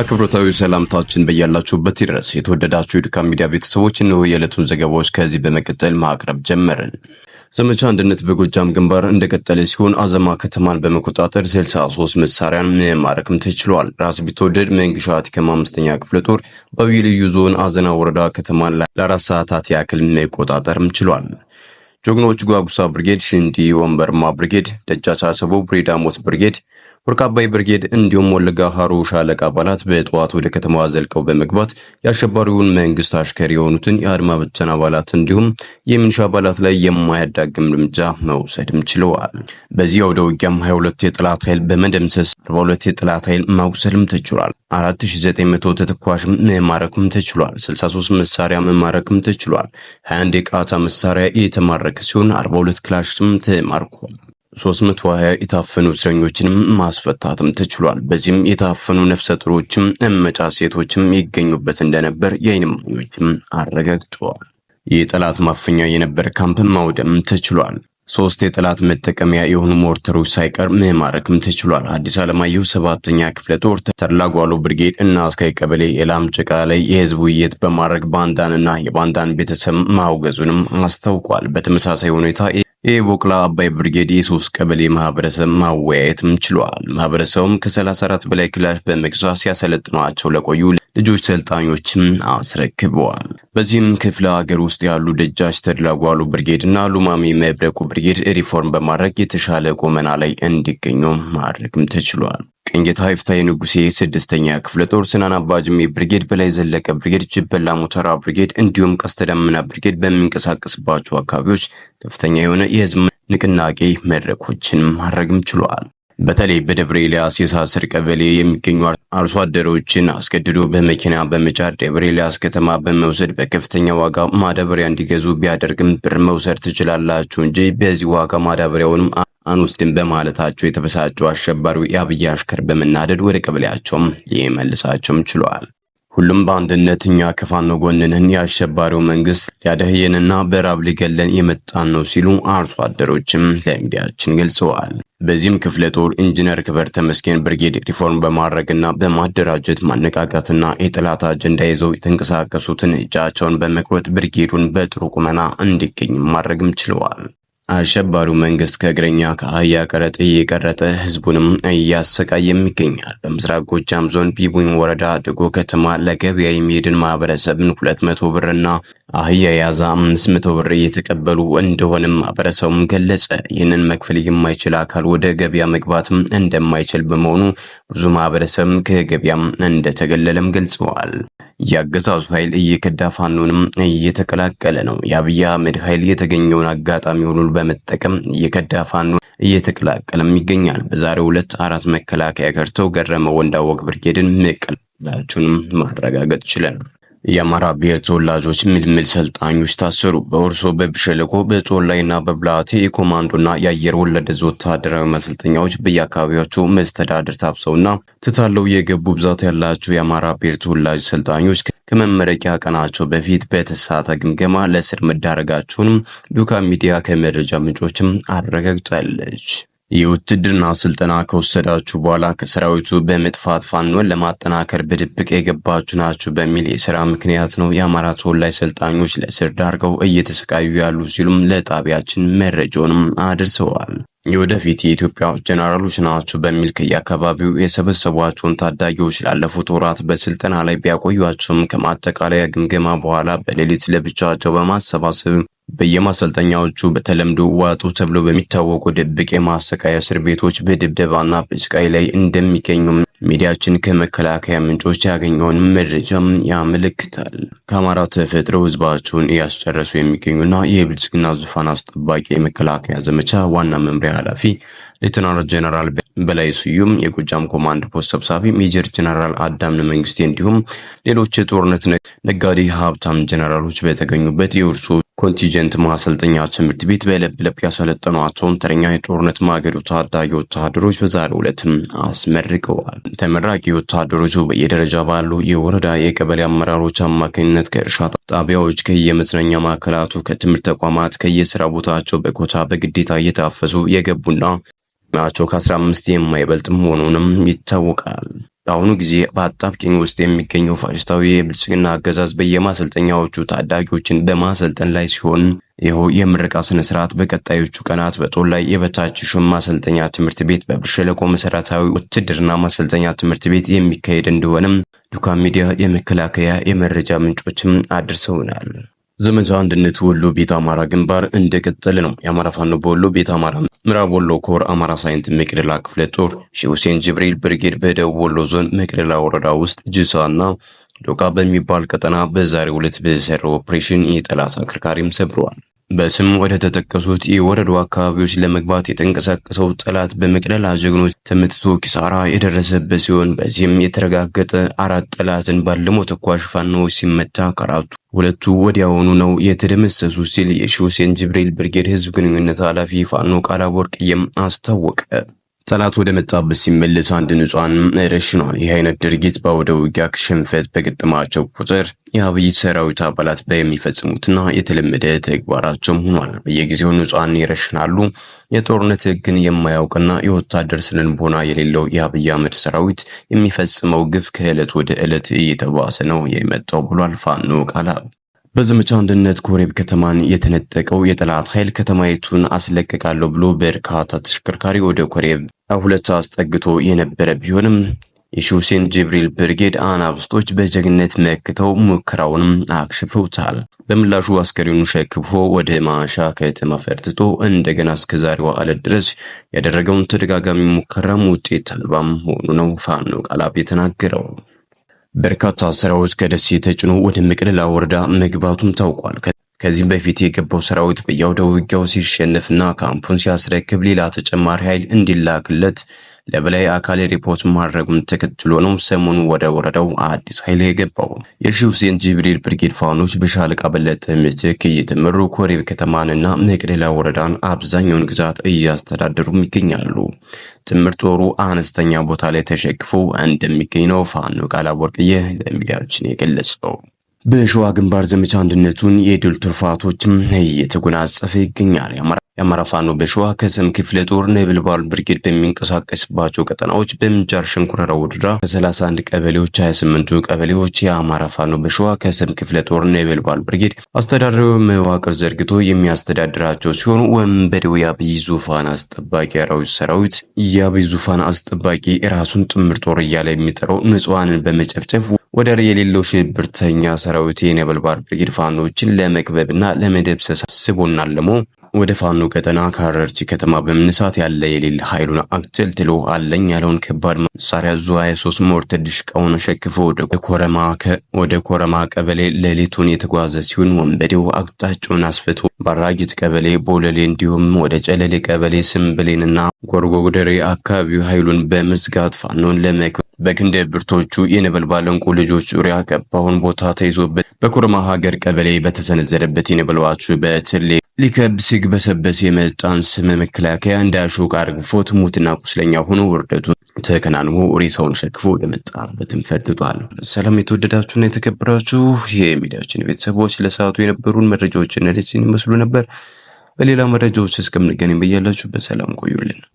አክብሮታዊ ሰላምታችን በያላችሁበት ይድረስ። የተወደዳችሁ የድካም ሚዲያ ቤተሰቦች እነሆ የዕለቱን ዘገባዎች ከዚህ በመቀጠል ማቅረብ ጀመርን። ዘመቻ አንድነት በጎጃም ግንባር እንደቀጠለ ሲሆን አዘማ ከተማን በመቆጣጠር 63 መሳሪያን መማረክም ተችሏል። ራስ ቢትወደድ መንግሻ አቲከም አምስተኛ ክፍለ ጦር በአብይ ልዩ ዞን አዘና ወረዳ ከተማን ለአራት ሰዓታት ያክል መቆጣጠርም ችሏል። ጀግኖች ጓጉሳ ብርጌድ፣ ሽንዲ ወንበርማ ብርጌድ፣ ደጃቻ ሰቦ ብሬዳሞት ብርጌድ ወርቅ አባይ ብርጌድ እንዲሁም ወለጋ ሀሩ ሻለቃ አባላት በጠዋት ወደ ከተማዋ ዘልቀው በመግባት የአሸባሪውን መንግስት አሽከር የሆኑትን የአድማ ብተን አባላት እንዲሁም የሚኒሻ አባላት ላይ የማያዳግም እርምጃ መውሰድም ችለዋል። በዚህ አውደ ውጊያም 22 የጠላት ኃይል በመደምሰስ 42 የጠላት ኃይል ማቁሰልም ተችሏል። 4900 ተተኳሽ መማረክም ተችሏል። 63 መሳሪያ መማረክም ተችሏል። 21 የቃታ መሳሪያ የተማረከ ሲሆን 42 ክላሽም ተማርኳል። 320 የታፈኑ እስረኞችንም ማስፈታትም ተችሏል። በዚህም የታፈኑ ነፍሰ ጡሮችም እመጫ ሴቶችም ይገኙበት እንደነበር የዓይን እማኞችም አረጋግጠዋል። የጠላት ማፈኛ የነበረ ካምፕ ማውደም ተችሏል። ሶስት የጠላት መጠቀሚያ የሆኑ ሞርተሮች ሳይቀር መማረክም ተችሏል። አዲስ አለማየሁ ሰባተኛ ክፍለ ጦር ተላጓሎ ብርጌድ እና አስካይ ቀበሌ የላም ጭቃ ላይ የህዝብ ውይይት በማድረግ ባንዳንና የባንዳን ቤተሰብ ማውገዙንም አስታውቋል። በተመሳሳይ ሁኔታ የቦቅላ አባይ ብርጌድ የሶስት ቀበሌ ማህበረሰብ ማወያየትም ችሏል። ማህበረሰቡም ከ34 በላይ ክላሽ በመግዛት ሲያሰለጥኗቸው ለቆዩ ልጆች ሰልጣኞችም አስረክበዋል። በዚህም ክፍለ ሀገር ውስጥ ያሉ ደጃች ተድላጓሉ ብርጌድና ሉማሜ መብረቁ ብርጌድ ሪፎርም በማድረግ የተሻለ ጎመና ላይ እንዲገኙ ማድረግም ተችሏል። ቅንጌት ሀይፍታ የንጉሴ ስድስተኛ ክፍለ ጦር ስናን አባጅሜ ብርጌድ፣ በላይ ዘለቀ ብርጌድ፣ ጅበላ ሞተራ ብርጌድ እንዲሁም ቀስተ ደመና ብርጌድ በሚንቀሳቀስባቸው አካባቢዎች ከፍተኛ የሆነ የህዝብ ንቅናቄ መድረኮችን ማድረግም ችሏል። በተለይ በደብረ ኤልያስ የሳስር ቀበሌ የሚገኙ አርሶ አደሮችን አስገድዶ በመኪና በመጫር ደብረ ኤልያስ ከተማ በመውሰድ በከፍተኛ ዋጋ ማዳበሪያ እንዲገዙ ቢያደርግም ብር መውሰድ ትችላላችሁ እንጂ በዚህ ዋጋ ማዳበሪያውንም አንወስድም በማለታቸው የተበሳጨው አሸባሪው የአብይ አሽከር በመናደድ ወደ ቀበሌያቸውም ሊመልሳቸውም ችሏል። ሁሉም በአንድነት እኛ ከፋኖ ጎንንን የአሸባሪው መንግስት ሊያደህየንና በራብ ሊገለን የመጣን ነው ሲሉ አርሶ አደሮችም ለሚዲያችን ገልጸዋል። በዚህም ክፍለ ጦር ኢንጂነር ክበር ተመስገን ብርጌድ ሪፎርም በማድረግና በማደራጀት ማነቃቃትና የጠላት አጀንዳ ይዘው የተንቀሳቀሱትን እጃቸውን በመቁረጥ ብርጌዱን በጥሩ ቁመና እንዲገኝ ማድረግም ችለዋል። አሸባሪው መንግስት ከእግረኛ ከአህያ ቀረጥ እየቀረጠ ህዝቡንም እያሰቃየም ይገኛል። በምስራቅ ጎጃም ዞን ቢቡኝ ወረዳ አድጎ ከተማ ለገበያ የሚሄድን ማህበረሰብን 200 መቶ ብርና አህያ የያዘ 500 ብር እየተቀበሉ እንደሆነም ማህበረሰቡም ገለጸ። ይህንን መክፈል የማይችል አካል ወደ ገበያ መግባትም እንደማይችል በመሆኑ ብዙ ማህበረሰብም ከገበያም እንደተገለለም ገልጸዋል። የአገዛዙ ኃይል እየከዳ ፋኖንም እየተቀላቀለ ነው። የአብይ አህመድ ኃይል የተገኘውን አጋጣሚ ሁሉ በመጠቀም እየከዳ ፋኖ እየተቀላቀለም ይገኛል። በዛሬው ዕለት አራት መከላከያ ከርተው ገረመ ወንዳወቅ ብርጌድን መቀላቀላቸውንም ማረጋገጥ ችለናል። የአማራ ብሔር ተወላጆች ምልምል ሰልጣኞች ታሰሩ። በወርሶ በብሸለቆ በጾላይና በብላቴ የኮማንዶና የአየር ወለድ ወታደራዊ ማሰልጠኛዎች በየአካባቢያቸው መስተዳድር ታፍሰውና ትታለው የገቡ ብዛት ያላቸው የአማራ ብሔር ተወላጅ ሰልጣኞች ከመመረቂያ ቀናቸው በፊት በተሳተ ግምገማ ለእስር መዳረጋቸውንም ዱካ ሚዲያ ከመረጃ ምንጮችም አረጋግጣለች። የውትድርና ስልጠና ከወሰዳችሁ በኋላ ከሰራዊቱ በመጥፋት ፋኖን ለማጠናከር በድብቅ የገባችሁ ናችሁ በሚል የስራ ምክንያት ነው የአማራ ተወላጅ ሰልጣኞች ለእስር ዳርገው እየተሰቃዩ ያሉ ሲሉም ለጣቢያችን መረጃውንም አድርሰዋል። የወደፊት የኢትዮጵያ ጀነራሎች ናችሁ በሚል ከየአካባቢው የሰበሰቧቸውን ታዳጊዎች ላለፉት ወራት በስልጠና ላይ ቢያቆያቸውም ከማጠቃለያ ግምገማ በኋላ በሌሊት ለብቻቸው በማሰባሰብ በየማሰልጠኛዎቹ በተለምዶ ዋጡ ተብሎ በሚታወቁ ድብቅ የማሰቃያ እስር ቤቶች በድብደባና በስቃይ ላይ እንደሚገኙም ሚዲያችን ከመከላከያ ምንጮች ያገኘውን መረጃም ያመለክታል። ከአማራ ተፈጥረው ህዝባቸውን እያስጨረሱ የሚገኙና የብልጽግና ዙፋን አስጠባቂ የመከላከያ ዘመቻ ዋና መምሪያ ኃላፊ ሌተናል ጄኔራል በላይ ስዩም፣ የጎጃም ኮማንድ ፖስት ሰብሳቢ ሜጀር ጄኔራል አዳምን መንግስቴ እንዲሁም ሌሎች የጦርነት ነጋዴ ሀብታም ጄኔራሎች በተገኙበት የእርሱ ኮንቲጀንት ማሰልጠኛ ትምህርት ቤት በለብለብ ያሰለጠኗቸውን ተረኛ የጦርነት ማገዶ ታዳጊ ወታደሮች በዛሬው ዕለትም አስመርቀዋል። ተመራቂ ወታደሮቹ በየደረጃ ባሉ የወረዳ የቀበሌ አመራሮች አማካኝነት ከእርሻ ጣቢያዎች፣ ከየመዝናኛ ማዕከላቱ፣ ከትምህርት ተቋማት፣ ከየስራ ቦታቸው በኮታ በግዴታ እየታፈሱ የገቡና ዕድሜያቸው ከ15 የማይበልጥ መሆኑንም ይታወቃል። በአሁኑ ጊዜ በአጣብቂኝ ውስጥ የሚገኘው ፋሽስታዊ የብልጽግና አገዛዝ በየማሰልጠኛዎቹ ታዳጊዎችን በማሰልጠን ላይ ሲሆን ይኸው የምረቃ ስነ ስርዓት በቀጣዮቹ ቀናት በጦር ላይ የበታች ሹም ማሰልጠኛ ትምህርት ቤት፣ በብር ሸለቆ መሰረታዊ ውትድርና ማሰልጠኛ ትምህርት ቤት የሚካሄድ እንደሆነም ዱካ ሚዲያ የመከላከያ የመረጃ ምንጮችም አድርሰውናል። ዘመቻ አንድነት ወሎ ቤት አማራ ግንባር እንደቀጠለ ነው። የአማራ ፋኖ በወሎ ቤት አማራ ምዕራብ ወሎ ኮር አማራ ሳይንት መቅደላ ክፍለ ጦር ሼህ ሁሴን ጅብሪል ብርጌድ በደቡብ ወሎ ዞን መቅደላ ወረዳ ውስጥ ጅሳ እና ዶቃ በሚባል ቀጠና በዛሬው ዕለት በሰራው ኦፕሬሽን የጠላት አከርካሪም ሰብረዋል። በስም ወደ ተጠቀሱት የወረዱ አካባቢዎች ለመግባት የተንቀሳቀሰው ጠላት በመቅደላ ጀግኖች ተመትቶ ኪሳራ የደረሰበት ሲሆን በዚህም የተረጋገጠ አራት ጠላትን ባለሞ ተኳሽ ፋኖዎች ሲመታ ከአራቱ ሁለቱ ወዲያውኑ ነው የተደመሰሱ ሲል የሺ ሁሴን ጅብሪል ብርጌድ ህዝብ ግንኙነት ኃላፊ ፋኖ ቃላወርቅየም አስታወቀ። ጠላት ወደ መጣበት ሲመለስ አንድ ንጹሐን ረሽኗል። ይህ አይነት ድርጊት በአውደ ውጊያ ሽንፈት በገጠማቸው ቁጥር የአብይ ሰራዊት አባላት በሚፈጽሙትና የተለመደ ተግባራቸውም ሆኗል። በየጊዜው ንጹሐን ይረሽናሉ። የጦርነት ሕግን የማያውቅና የወታደር ስነልቦና የሌለው የአብይ አህመድ ሰራዊት የሚፈጽመው ግፍ ከዕለት ወደ ዕለት እየተባሰ ነው የመጣው ብሏል ፋኖ ቃላ በዘመቻ አንድነት ኮሬብ ከተማን የተነጠቀው የጠላት ኃይል ከተማይቱን አስለቅቃለሁ ብሎ በርካታ ተሽከርካሪ ወደ ኮሬብ ሁለት አስጠግቶ የነበረ ቢሆንም የሹሴን ጅብሪል ብርጌድ አናብስቶች በጀግነት መክተው ሙከራውንም አክሽፈውታል። በምላሹ አስከሬኑ ሸክፎ ወደ ማሻ ከተማ ፈርትቶ እንደገና እስከ ዛሬዋ ዕለት ድረስ ያደረገውን ተደጋጋሚ ሙከራም ውጤት አልባም ሆኑ ነው ፋኖ ቃላብ የተናገረው። በርካታ ሰራዊት ከደሴ ተጭኖ ወደ መቅደላ ወረዳ መግባቱም ታውቋል። ከዚህም በፊት የገባው ሰራዊት በየአውደ ውጊያው ሲሸነፍና ካምፑን ሲያስረክብ ሌላ ተጨማሪ ኃይል እንዲላክለት ለበላይ አካል ሪፖርት ማድረጉን ተከትሎ ነው ሰሞኑ ወደ ወረዳው አዲስ ኃይል የገባው። የሺሁ ሴንት ጅብሪል ብርጌድ ፋኖች በሻለቃ በለጠ ምትክ እየተመሩ ኮሬብ ከተማንና መቅደላ ወረዳን አብዛኛውን ግዛት እያስተዳደሩም ይገኛሉ። ትምህርት ወሩ አነስተኛ ቦታ ላይ ተሸክፎ እንደሚገኝ ነው ፋኖ ቃላ አወርቅዬ ለሚዲያችን የገለጸው። በሸዋ ግንባር ዘመቻ አንድነቱን የድል ትሩፋቶችም እየተጎናጸፈ ይገኛል። የአማራ ፋኖ በሸዋ ከሰም ክፍለ ጦር ነበልባል ብርጌድ በሚንቀሳቀስባቸው ቀጠናዎች በምንጃር ሸንኮረራ ወረዳ ከ31 ቀበሌዎች 28ቱ ቀበሌዎች የአማራ ፋኖ በሸዋ ከሰም ክፍለ ጦር ነበልባል ብርጌድ አስተዳደራዊ መዋቅር ዘርግቶ የሚያስተዳድራቸው ሲሆኑ ወንበዴው የአብይ ዙፋን አስጠባቂ አራዊት ሰራዊት የአብይ ዙፋን አስጠባቂ ራሱን ጥምር ጦር እያለ የሚጠራው ንጹሐንን በመጨፍጨፍ ወደር የሌለው ሽብርተኛ ሰራዊት የነበልባል ብርጌድ ፋኖችን ለመክበብና ለመደብሰስ ስቦና ለሞ ወደ ፋኖ ቀጠና ካረርቺ ከተማ በመነሳት ያለ የሌል ኃይሉን አቅጨልትሎ አለኝ ያለውን ከባድ መሳሪያ ዙ 23 ሞርተር ድሽቃውን ሸክፎ ወደ ኮረማ ቀበሌ ሌሊቱን የተጓዘ ሲሆን ወንበዴው አቅጣጫውን አስፍቶ ባራጊት ቀበሌ ቦለሌ፣ እንዲሁም ወደ ጨለሌ ቀበሌ ስምብሌንና ጎርጎደሬ አካባቢው ኃይሉን በመዝጋት ፋኖን ለመክ በክንደ ብርቶቹ የነበልባል እንቁ ልጆች ዙሪያ ቀባውን ቦታ ተይዞበት በኮረማ ሀገር ቀበሌ በተሰነዘረበት የነበልባቹ በችሌ ሊከብ ሲግበሰበስ የመጣን ስም መከላከያ እንዳሾቅ አርግፎት ሙትና ቁስለኛ ሆኖ ውርደቱ ተከናንሞ ሬሳውን ሸክፎ ወደ መጣበትም ፈጥጧል። ሰላም የተወደዳችሁና የተከበራችሁ የሚዲያችን ቤተሰቦች ለሰዓቱ የነበሩን መረጃዎች እነዚህን ይመስሉ ነበር። በሌላ መረጃዎች እስከምንገናኝ በያላችሁ በሰላም ቆዩልን።